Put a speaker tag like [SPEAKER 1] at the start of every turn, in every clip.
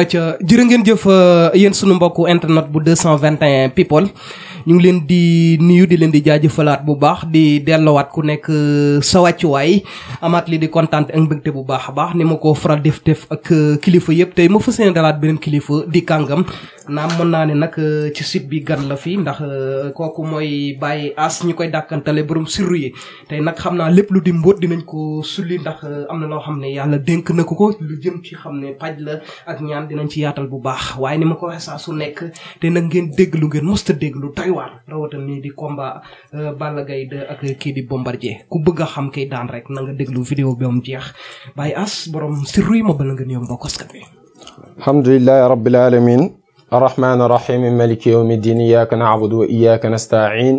[SPEAKER 1] acca jërë ngeen jëf euh, yéen sunu mbokku internet bu 221 people ñu ngi leen di nuyu di leen di jaajëfalaat bu baax di dellowaat ku nekk uh, sa wàccuwaay amaat li di kontaan ak mbégte bu baax a baax ni ma ko faral def def ak uh, kilifa yëpp tey ma fas dalaat beneen kilifa di kàngam naam mën naa ne nag uh, ci site bi la fi ndax kooku mooy bàyyi as ñu koy dàkkantale borom sirru yi tey nag xam naa lépp lu di mbóot dinañ ko sulli ndax am na loo xam ne yàlla dénk na ko ko lu jëm ci xam ne paj la ak ñaan dinañ ci yaatal bu baax waaye ni ma ko waxee su nekk te nag ngeen dégg lu ngeen mës a dégg lu waar rawatina nii di combat euh, Balla Gaye 2 ak kii di Bombardier ku bëgg a xam kay daan rek na nga déglu vidéo bi am jeex Baye Ass borom si ruy ma bala nga nuyoog mbokk askan wi.
[SPEAKER 2] alhamdulilah rabbil alamin arrahmaani arrahim maliki yawmi ddin iyyaka na'budu wa iyyaka nasta'in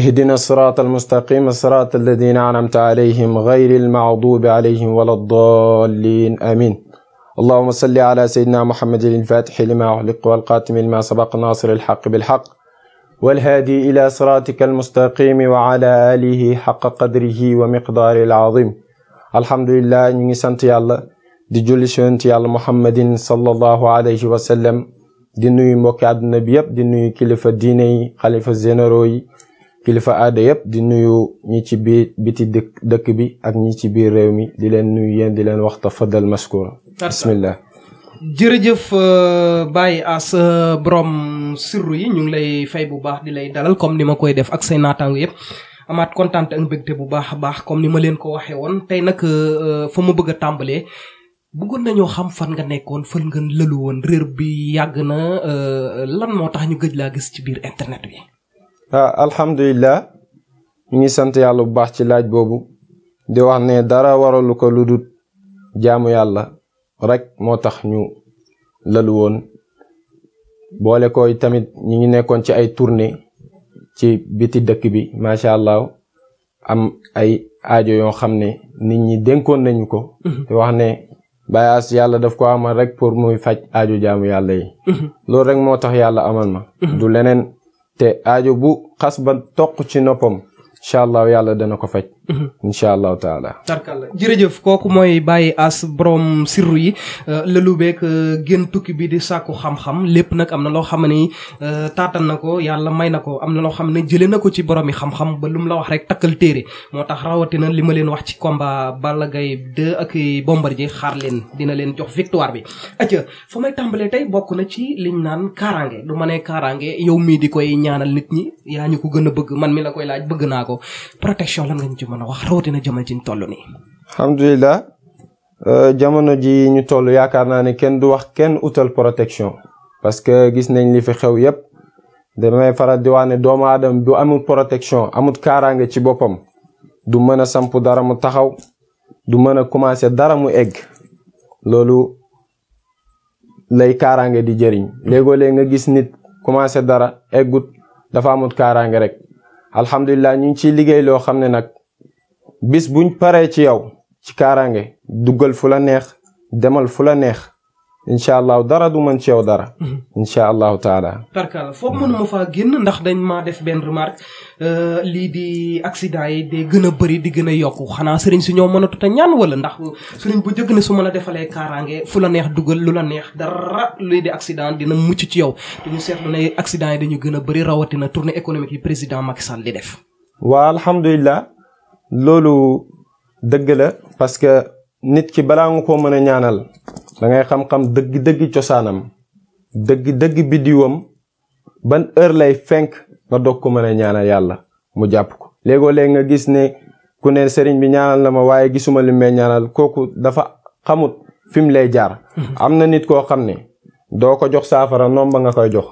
[SPEAKER 2] ihdina siraat almustaqim siraat alladina anamta alayhim gayri almagdubi alayhim wala ddallin amin allahuma salli ala sayidina muhammadin alfatixi lima uxliq walqaatimi lima sabaq nasir alxaq bilxaq والهادي إلى صراطك المستقيم وعلى آله حق قدره ومقداره العظيم الحمد لله ñu ngi sant yàlla di julli si yonent yàlla muhammadin sallallahu alayhi wa sallam di nuyu moki àdduna bi yëpp di nuyu kilifa diine xalifa généraux yi kilifa aada yëpp di nuyu ñi ci biir biti dëkk dëkk bi ak ñi ci biir réew mi di leen nuyu yéen di leen wax tafadal maskura bismillah
[SPEAKER 1] jërëjëf euh, wàllum sirru yi ñu ngi lay fay bu baax di lay dalal comme ni ma koy def ak say naataango yëpp. amaat kontaan ak mbégte bu baax a baax comme ni ma leen ko waxee woon tey nag euh, euh, fa ma bëgg a tàmbalee bëggoon nañoo xam fan nga nekkoon fan nga lëlu woon réer bi yàgg na euh, lan moo tax ñu gëj laa gis ci biir internet bi.
[SPEAKER 2] ah alhamdulilah ñu ngi sant yàlla bu baax ci laaj boobu di wax ne dara waralu ko lu dul jaamu yàlla rek moo tax ñu lëlu woon boole ko tamit ñu ngi nekkoon ci ay tournée ci biti dëkk bi macha allah am ay aajo yoo xam ne nit ñi dénkoon nañu ko. Mhm. wax ne Baye yàlla def ko amal rek pour muy faj aajo jaamu yàlla yi. Mhm. loolu rek moo tax yàlla amal ma. Mhm. du leneen te aajo bu xas ba toq ci noppam. incha allah yàlla dana ko faj. Mhm. incha allahu taala.
[SPEAKER 1] tarkalla jërëjëf kooku mooy Baye Ass borom sirru yi euh, lëlu beeg euh, génn tukki bi di sàkku xam lépp nag am na loo xam ni euh, taatan na ko yàlla may na ko am na loo xam ne jëlee na ko ci borom yi xam-xam ba lu mu la wax rek takkal téere moo tax rawatina li ma leen wax ci combat Balla Gaye 2 ak Bombardier xaar leen dina leen jox victoire bi. acca fa may tàmbalee tey bokk na ci liñ naan kaaraange du ma nee kaaraange yow mii di koy ñaanal nit ñi yaa ñu ko gën a bëgg man mi la koy laaj bëgg naa ko ko la lan ngañ ci mën a wax rawatina jamono ji ñu toll nii.
[SPEAKER 2] alhamdulilah euh, jamono ji ñu tollu yaakaar naa ne kenn du wax kenn utal protection parce que gis nañ li fi xew yépp damay faral di wax ne doomu aadama bu amul protection amut kaaraange ci boppam du mën a samp dara mu taxaw du mën a commencer dara mu egg loolu lay kaaraange di jëriñ léegoo nga gis nit commencer dara eggut dafa amut kaaraange rek alhamdulilah ñu ngi ciy liggéey loo xam ne nag bis buñ paree ci yow ci kaaraange duggal fu la neex demal fu la neex incha allahu dara du mën ci yow dara. Mhm. incha allahu taala.
[SPEAKER 1] barkaala foofu mënuma faa génn ndax dañ maa def benn remarque euh, lii di accident yi day gën a bëri di gën a yokk xanaa sëriñ si ñoo mënatut a ñaan wala ndax sëriñ bu jëkk ne su ma la defalee kaaraange fu la neex dugal lu la neex dara lii di accident dina mucc ci yow te ñu seetlu ne accident yi dañu gën a bëri rawatina tournée économique yi président Macky Sall di def.
[SPEAKER 2] waa alhamdulilah loolu dëgg la parce que nit ki balaa nga koo mën a ñaanal. dangay xam-xam dëgg-dëgg cosaanam dëgg-dëgg biddiwam ban heure lay fenk nga dog ko mën ñaanal yàlla mu jàpp ko léegoo léeg nga gis ne ku ne sëriñ bi ñaanal na ma waaye gisuma li may ñaanal kooku dafa xamut fi mu lay jaar hmm. am na nit koo xam ne doo ko jox saafara noom ba nga koy jox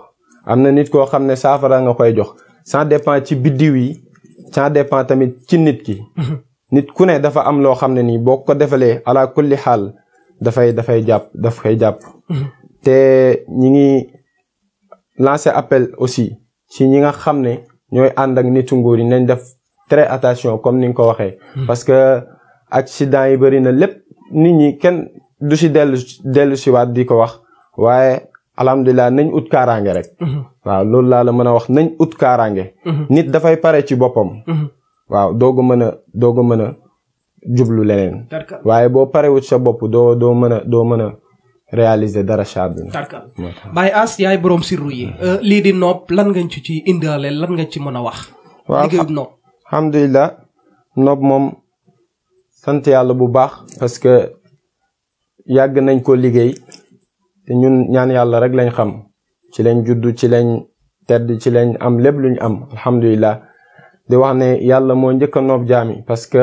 [SPEAKER 2] am na nit koo xam ne saafara nga koy jox ça dépend ci biddiw yi ça dépend tamit ci nit ki hmm. nit ku ne dafa am loo xam ne nii boo ko defalee ala xaal dafay dafay jàpp daf koy jàpp. te ñi ngi lancé appel aussi si ñi nga xam ne ñooy ànd ak nitu nguur yi nañ def très attention comme ni nga ko waxee. Hmm. parce que ak accident yi bëri na lépp nit ñi kenn du si dellu dellu si waat di ko wax waaye alhamdulilah nañ ut kaaraange rek. Hmm. waaw loolu laa la mën a wax nañ ut kaaraange. Hmm. nit dafay pare ci boppam. waaw doog a mën a doog a jublu leneen. waaye boo parewut sa bopp doo doo mën a doo mën a réaliser dara saabu.
[SPEAKER 1] tarkal Baye Ass yaay borom sirru yi. Hmm. Euh, lii di nopp lan nga ci ci indaale lan nga ci mën a wax.
[SPEAKER 2] waaw liggéeyu nopp. alhamdulilah nopp moom sant yàlla bu baax parce que yàgg nañ ko liggéey te ñun ñaan yàlla rek lañ xam ci lañ juddu ci lañ tedd ci lañ am lépp luñ am alhamdulilah di wax ne yàlla moo njëkk a jaami parce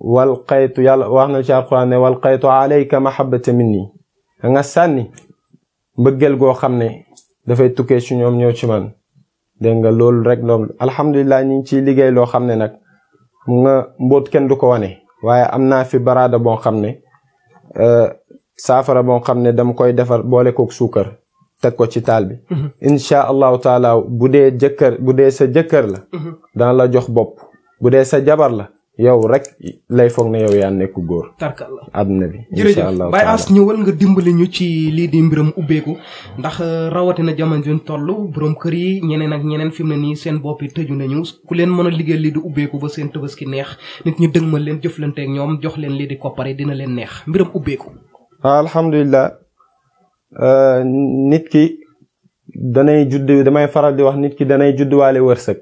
[SPEAKER 2] wal qaytu yàlla wax na ci alquran ne wal qaytu alayka mahabbata minni da nga sànni mbëggeel goo xam ne dafay tukkee ci ñoom ñëw ci man dégg nga loolu rek loolu alhamdulilah ñu ngi ciy liggéey loo xam ne nag mu nga mbóot kenn du ko wane waaye am naa fi baraada boo xam ne euh, saafara boo xam ne dama koy defar boole kook suukar teg ko ci taal bi mhm. insha allahu taala bu dee jëkkër bu dee sa jëkkër la mhm. dana la jox bopp bu dee sa jabar la yow rek lay foog ne yow yaa nekk góor. tarkalla àdduna bi. incha allah jërëjëf Baye
[SPEAKER 1] Ass ñëwal nga dimbali ñu ci lii di mbiram ubbeeku ndax euh, rawatina jamono juñ toll borom kër yi ñeneen ak ñeneen fi mu ne nii seen bopp yi tëju nañu ku leen mën a liggéey lii di ubbeeku ba seen tabaski neex nit ñi dëgmal leen jëflanteek ñoom jox leen lii di koppare dina leen neex mbiram ubbeeku.
[SPEAKER 2] Ah, alhamdulilah euh, nit ki danay judd damay faral di wax nit ki danay judduwaale waale wërsëg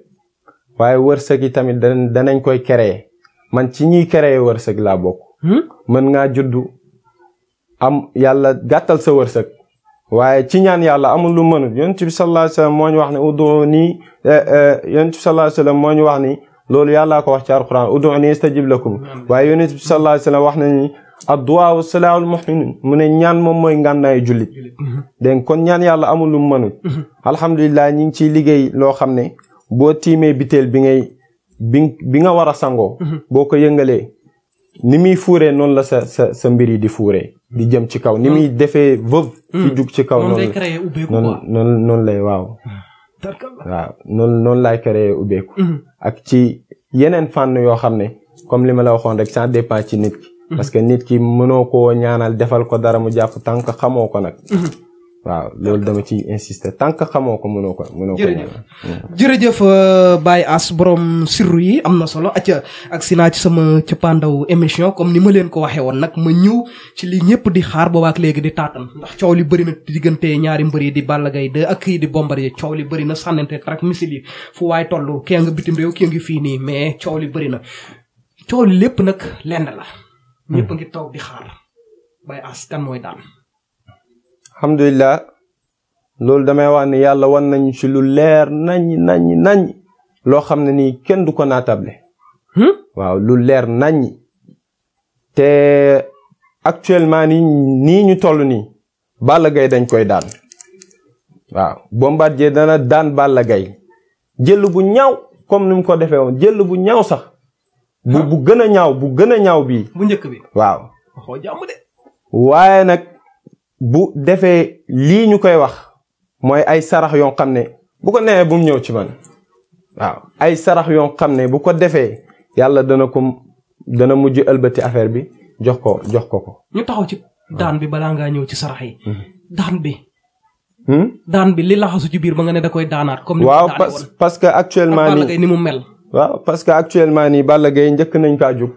[SPEAKER 2] waaye wërsëg yi tamit danañ koy créer man ci ñiy créer wërsëg laa bokk. Hmm? mën ngaa juddu am yàlla gàttal sa wërsëg. waaye ci ñaan yàlla amul lu mënut yonent bi sallallahu moo ñu wax ne ud'uuni eh, eh, yonent bi sallallahu alayhi moo ñu wax ni loolu yàllaa ko wax ci alquran ud'uuni astajib lakum hmm. waaye yonent bi sallallahu alayhi wa sallam wax na ni adduwaa silaahul mu'minin mu ne ñaan moom mooy ngànnaay jullit hmm. dégg kon ñaan yàlla amul lu mënut alhamdulilah ñi ngi ciy liggéey loo xam ne boo tiimee biteel bi ngay bi nga war a sangoo. Mhm. boo ko yëngalee ni muy fuuree noonu la sa sa sa mbir yi di fuuree. di jëm ci kaw ni mhm. muy defee veuve. di mhm. jug ci kaw noonu noonu noonu lay waaw. waaw noonu noonu laay créer ubbeeku. ak ci yeneen fànn yoo xam ne comme li ma la waxoon rek ça dépend ci nit ki. parce que nit ki mënoo koo ñaanal defal ko dara mu jàpp tànk xamoo ko nag. waaw loolu dama ci insister tant que xamoo ko mënoo ko mënoo ko. jërëjëf
[SPEAKER 1] mm. jërëjëf euh, Baye Ass borom sirru yi am na solo acca ak si naa ci sama cëppaandaw émission comme ni ma leen ko waxee woon nag ma ñëw ci li ñëpp di xaar ak léegi di taatan ndax coow li bëri na diggante ñaari mbër yi di Balla Gaye 2 ak kii di Bombardier coow li bëri na sànnante rek missile yi fu waaye toll kii nga bitim réew kii ngi fii nii mais coow li bëri na coow li lépp nag lenn la. Hmm. ngi toog di xaar Baye mooy daal.
[SPEAKER 2] alhamdulilah loolu damay wax ne yàlla wan nañu ci lu leer nañ nañ nañ loo xam ne nii kenn du ko naatable hmm? waaw lu leer nañ te actuellement nii nii ñu toll nii Balla Gaye dañ koy daan waaw Bombardier dana daan Balla Gaye jël bu ñaaw comme ni mu ko defee woon jël bu ñaaw sax bu bu gën a ñaaw bu gën a ñaaw bii njëkk bi waaw waaye nag bu defee lii ñu koy wax mooy ay sarax yoo xam ne bu ko neexee bu ñëw ci man waaw ay sarax yoo xam ne bu ko defee yàlla dana ko dana mujj ëlbati affaire bi jox ko jox ko ko. ñu taxaw ci
[SPEAKER 1] daan bi balaa ngaa ñëw ci sarax yi. Hmm. daan bi. Hmm? daan bi li laxasu ci biir ba nga ne da koy daanaat. comme ni waaw parce parce
[SPEAKER 2] que actuellement nii ni mu mel. waaw parce que actuellement nii Balla gay njëkk nañ kaa jug.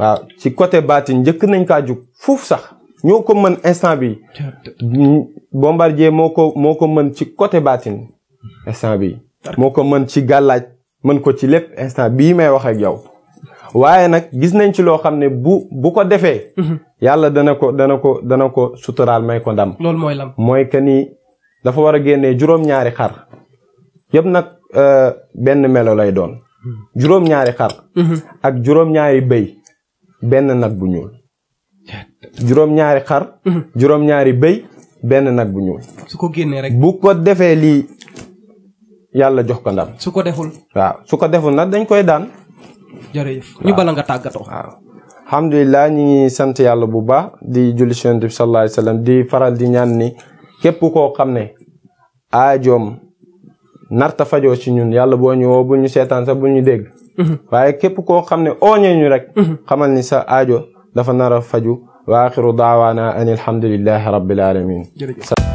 [SPEAKER 2] waaw ci côté baatin njëkk nañ kaa jug fuuf sax. ñoo ko mën instant bi bombardier moo ko moo ko mën ci côté baatin instant bi moo ko mën ci gàllaaj mën ko ci lépp instant bii may wax ak yow waaye nag gis nañ ci loo xam ne bu bu ko defee mhm. yàlla dana ko dana ko dana ko suturaal may ko ndam loolu mooy lam mooy que ni dafa war a génnee juróom-ñaari xar yëpp nag euh, benn melo lay doon mhm. juróom-ñaari xar mhm. ak juróom-ñaari bëy benn nag bu ñuul juróom-ñaari xar. Mhm. juróom-ñaari béy benn nag bu ñuul. su ko génnee rek bu ko defee lii yàlla jox ko ndam. su ko deful. waaw su ko deful nag dañ koy daan.
[SPEAKER 1] jërëjëf ñu
[SPEAKER 2] bala tàggatoo. waaw alhamdulilah ñu ngi sant yàlla bu baax di julli ci Yonent bi sallallahu di faral di ñaan ni képp koo xam ne aajoom narta fajoo ci ñun yàlla boo ñu woo bu ñu seetaan sax bu ñu dégg. Mhm. waaye képp koo xam ne ooñee ñu rek. Mhm. xamal ni sa aajo dafa nar a faju wa axiru daawaana an alhamdulillahi rabbil alamin